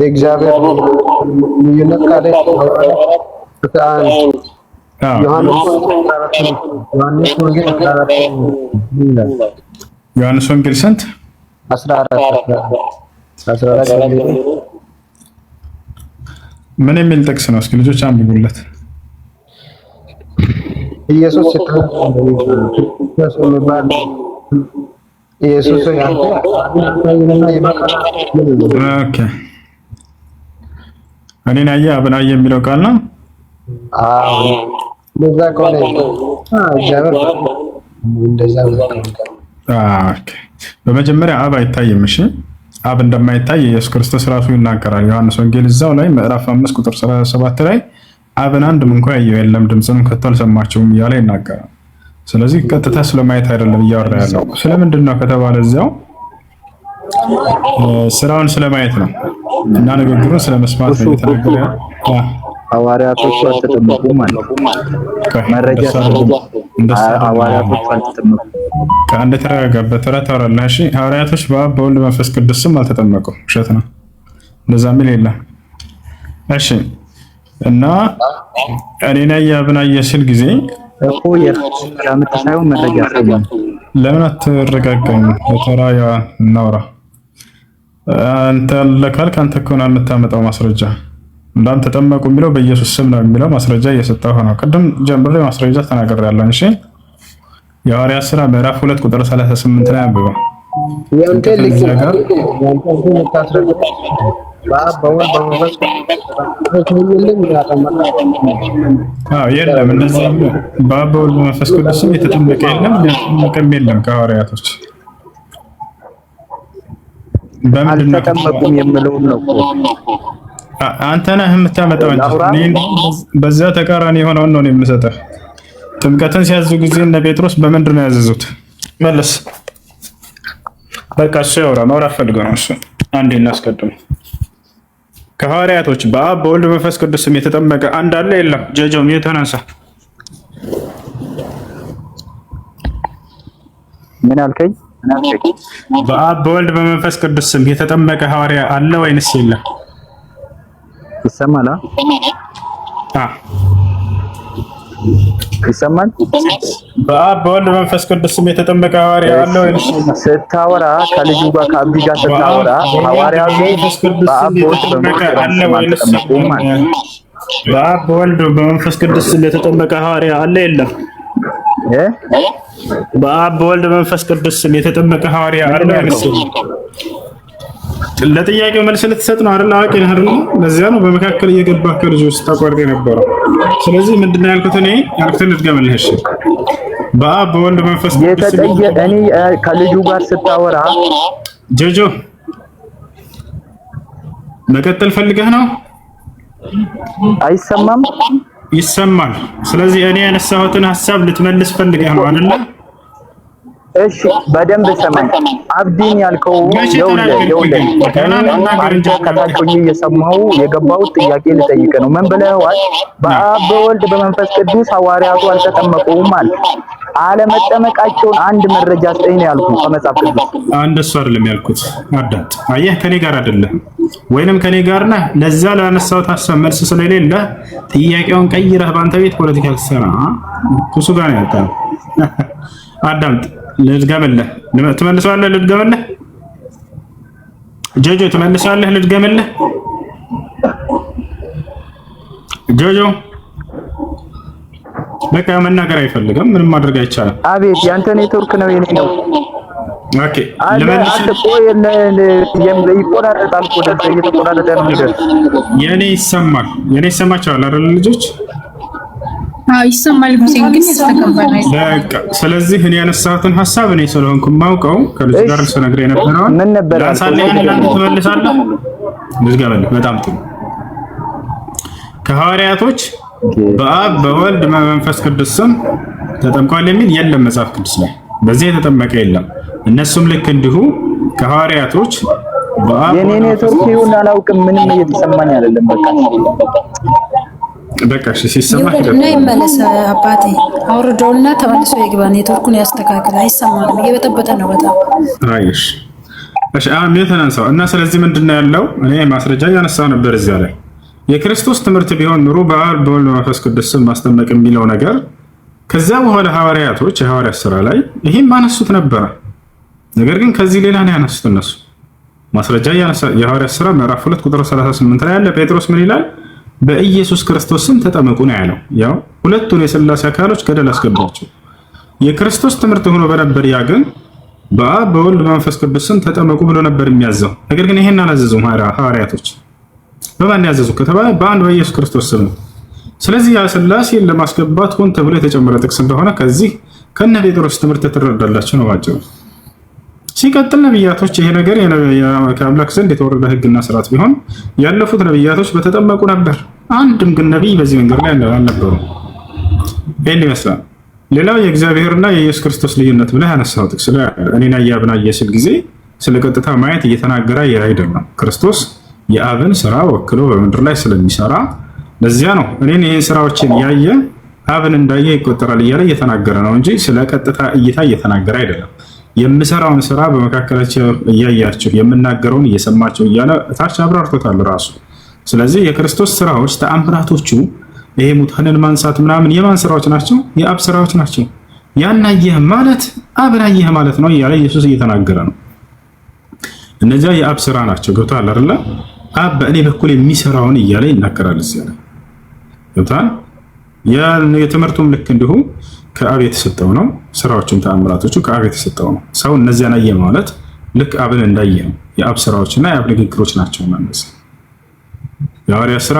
የእግዚአብሔር ልዩነት ቃል ፍትሐ ዮሐንስ ወንጌል ስንት አስራ አራት ምን የሚል ጥቅስ ነው? እስኪ ልጆች አንብቡለት። ኢየሱስ ኢየሱስ ኦኬ እኔን አየህ አብን አየህ የሚለው ቃል ነው። አዎ እንደዛ ከሆነ በመጀመሪያ አብ አይታይም። እሺ አብ እንደማይታይ ኢየሱስ ክርስቶስ ራሱ ይናገራል። ዮሐንስ ወንጌል እዛው ላይ ምዕራፍ 5 ቁጥር 37 ላይ አብን አንድም እንኳ ያየው የለም ድምፅንም ከቶ አልሰማችሁም እያለ ይናገራል። ስለዚህ ቀጥታ ስለማየት አይደለም እያወራ ያለው። ስለምንድን ነው ከተባለ እዚያው ስራውን ስለማየት ነው እና ንግግሩን ስለመስማት ነው የተናገረ። ሐዋርያቶቹ አልተጠመቁም ማለት መረጃ ከአንድ የተረጋጋበት ተራ ታወራለህ። እሺ ሐዋርያቶች በአብ በወልድ መንፈስ ቅዱስም ስም አልተጠመቁም፣ ውሸት ነው። እንደዛ ሚል የለም። እሺ እና እኔን አየ አብን አየ ሲል ጊዜ እኮ የምት መረጃ ለምን አትረጋገም? በተራ እናውራ። አንተ ለካል ከአንተ ከሆነ የምታመጣው ማስረጃ እንዳንተ ተጠመቁ የሚለው በኢየሱስ ስም ነው የሚለው ማስረጃ እየሰጠህ ነው። ቅድም ጀምሬ ማስረጃ ተናግሬያለሁ። እሺ የሐዋርያት ስራ ምዕራፍ ሁለት ቁጥር 38 ላይ አንብበው የለም እነዚህ በአብ በወልድ በመንፈስ ቅዱስም የተጠመቀ የለም የተጠመቀም የለም ከሐዋርያቶች አልተጠመቁም የምለውን ነው አንተ ነህ የምታመጣው እንጂ በዛ ተቃራኒ የሆነውን ነው የምሰጠህ ጥምቀትን ሲያዙ ጊዜ እነ ጴጥሮስ በምንድን ነው ያዘዙት መለስ በቃ እሱ ያውራ ማውራት ፈልገው ነው እሱ አንዴ እናስቀድመው ከሐዋርያቶች በአብ በወልድ መንፈስ ቅዱስ ስም የተጠመቀ አንድ አለ? የለም? ጀጀውም የተነሳ ምን አልከኝ? በአብ በወልድ በመንፈስ ቅዱስ ስም የተጠመቀ ሐዋርያ አለ ወይንስ የለም? ይሰማላ ይሰማል። በአብ በወልድ መንፈስ ቅዱስ ስም የተጠመቀ ሐዋርያ አለው። ወይ? ስታወራ ከልጁ ጋር ከአቢ ጋር ስታወራ ሐዋርያ መንፈስ ቅዱስ ስም የተጠመቀ አለ ወይ? በአብ በወልድ በመንፈስ ቅዱስ ስም የተጠመቀ ሐዋርያ አለ የለም? በአብ በወልድ መንፈስ ቅዱስ ስም የተጠመቀ ሐዋርያ አለ ወይ? ለጥያቄው መልስ ልትሰጥ ነው አይደል? አዋቂ ነህ አይደል? ለዚያ ነው በመካከል እየገባህ ውስጥ ታቋርጥ የነበረው። ስለዚህ ምንድን ነው ያልኩት? እኔ ያልኩትን ልድገምልህ። እሺ፣ በአብ በወልድ መንፈስ እኔ ከልጁ ጋር ስታወራ ጆጆ መቀጠል ፈልገህ ነው? አይሰማም? ይሰማል። ስለዚህ እኔ ያነሳሁትን ሀሳብ ልትመልስ ፈልገህ ነው አይደል? እሺ በደንብ ሰማኝ። አብዲን ያልከው ይኸውልህ ይኸውልህ አንተ ከታች ሆኜ እየሰማሁ የገባሁት ጥያቄ ልጠይቅ ነው። ምን ብለዋል? በአብ በወልድ በመንፈስ ቅዱስ ሐዋርያቱ አልተጠመቁም አለ። አለመጠመቃቸውን አንድ መረጃ ስጠኝ ነው ያልኩህ ከመጽሐፍ ቅዱስ። አንድ እሱ አይደለም ያልኩት። አዳምጥ። አየህ ከኔ ጋር አይደለም ወይንም ከኔ ጋር ነህ። ለዛ ላነሳሁት ሀሳብ መልስ ስለሌለ ጥያቄውን ቀይረህ በአንተ ቤት ፖለቲካ ትሰራ እሱ ጋር ነው ያጣ። አዳምጥ ልድገምልህ፣ ትመልሰዋለህ? ልድገምልህ ጆጆ፣ ትመልሰዋለህ? ልድገምልህ ጆጆ። በቃ መናገር አይፈልግም። ምንም ማድረግ አይቻልም። አቤት፣ ያንተ ኔትወርክ ነው የኔ ነው። ኦኬ፣ ይቆራረጣል። የኔ ይሰማል፣ የኔ ይሰማቸዋል አይደል ልጆች ይሰማል። ሁሴን ግን ያስተቀበላል። ስለዚህ እኔ ያነሳሁትን ሀሳብ እኔ ስለሆንኩ የማውቀው ከልጅ ጋር ስነግር የነበረውን ምን ነበር ትመልሳለህ? በጣም ጥሩ። ከሐዋርያቶች በአብ በወልድ በመንፈስ ቅዱስ ስም ተጠምቋል የሚል የለም መጽሐፍ ቅዱስ ላይ በዚህ የተጠመቀ የለም። እነሱም ልክ እንዲሁ ከሐዋርያቶች በአብ የኔ ኔትወርክ ይሁን አላውቅም። ምንም እየተሰማኝ አይደለም። በቃ በቃ እሺ፣ ሲሰማ ይደብና ይመለስ። አባቴ አውርዶና ተመልሶ ይግባ። ኔትወርኩን ያስተካክል። አይሰማም፣ እየበጠበጠ ነው በጣም። አይሽ እሺ፣ አሁን የተነሳው እና ስለዚህ ምንድነው ያለው? እኔ ማስረጃ እያነሳው ነበር እዚያ ላይ የክርስቶስ ትምህርት ቢሆን ኑሮ በአብ በወልድ በመንፈስ ቅዱስ ስም ማስጠመቅ የሚለው ነገር ከዛ በኋላ ሐዋርያቶች የሐዋርያት ስራ ላይ ይህም አነሱት ነበረ። ነገር ግን ከዚህ ሌላ ነው ያነሱት እነሱ ማስረጃ የሐዋርያት ስራ ምዕራፍ 2 ቁጥር 38 ላይ ያለ ጴጥሮስ ምን ይላል? በኢየሱስ ክርስቶስ ስም ተጠመቁ ነው ያለው። ያው ሁለቱን የሥላሴ አካሎች ገደል አስገባቸው። የክርስቶስ ትምህርት ሆኖ በነበር ያ ግን በአብ በወልድ በመንፈስ ቅዱስ ስም ተጠመቁ ብሎ ነበር የሚያዘው። ነገር ግን ይሄን አላዘዙም ሐዋርያቶች። በማን ያዘዙ ከተባለ በአንድ በኢየሱስ ክርስቶስ ስም ነው። ስለዚህ ያ ሥላሴን ለማስገባት ሆን ተብሎ የተጨመረ ጥቅስ እንደሆነ ከዚህ ከነ ጴጥሮስ ትምህርት ትረዳላችሁ ነው ባጭሩ። ሲቀጥል ነቢያቶች ይሄ ነገር ከአምላክ ዘንድ የተወረደ ህግና ስርዓት ቢሆን ያለፉት ነቢያቶች በተጠመቁ ነበር። አንድም ግን ነቢይ በዚህ መንገድ ላይ አልነበሩም። ይህን ይመስላል። ሌላው የእግዚአብሔርና የኢየሱስ ክርስቶስ ልዩነት ብለህ ያነሳው ጥቅስ ላይ እኔና ሲል ጊዜ ስለ ቀጥታ ማየት እየተናገረ ነው። ክርስቶስ የአብን ስራ ወክሎ በምድር ላይ ስለሚሰራ ለዚያ ነው እኔን ይህን ስራዎችን ያየ አብን እንዳየ ይቆጠራል እያለ እየተናገረ ነው እንጂ ስለ ቀጥታ እይታ እየተናገረ አይደለም። የምሰራውን ስራ በመካከላቸው እያያችሁ የምናገረውን እየሰማችሁ እያለ እታች አብራርቶታል ራሱ። ስለዚህ የክርስቶስ ስራዎች ተአምራቶቹ ይሄ ሙታንን ማንሳት ምናምን የማን ስራዎች ናቸው? የአብ ስራዎች ናቸው። ያናየህ ማለት አብናየህ ማለት ነው እያለ ኢየሱስ እየተናገረ ነው። እነዚያ የአብ ስራ ናቸው። ገብቶሃል አይደለ? አብ በእኔ በኩል የሚሰራውን እያለ ይናገራል። እዚያ ገብቶሃል። የትምህርቱም ልክ እንዲሁ ከአብ የተሰጠው ነው። ስራዎችም ተአምራቶቹ ከአብ የተሰጠው ነው። ሰው እነዚያን አየ ማለት ልክ አብን እንዳየ ነው። የአብ ስራዎችና የአብ ንግግሮች ናቸው። መመስ የሐዋርያት ስራ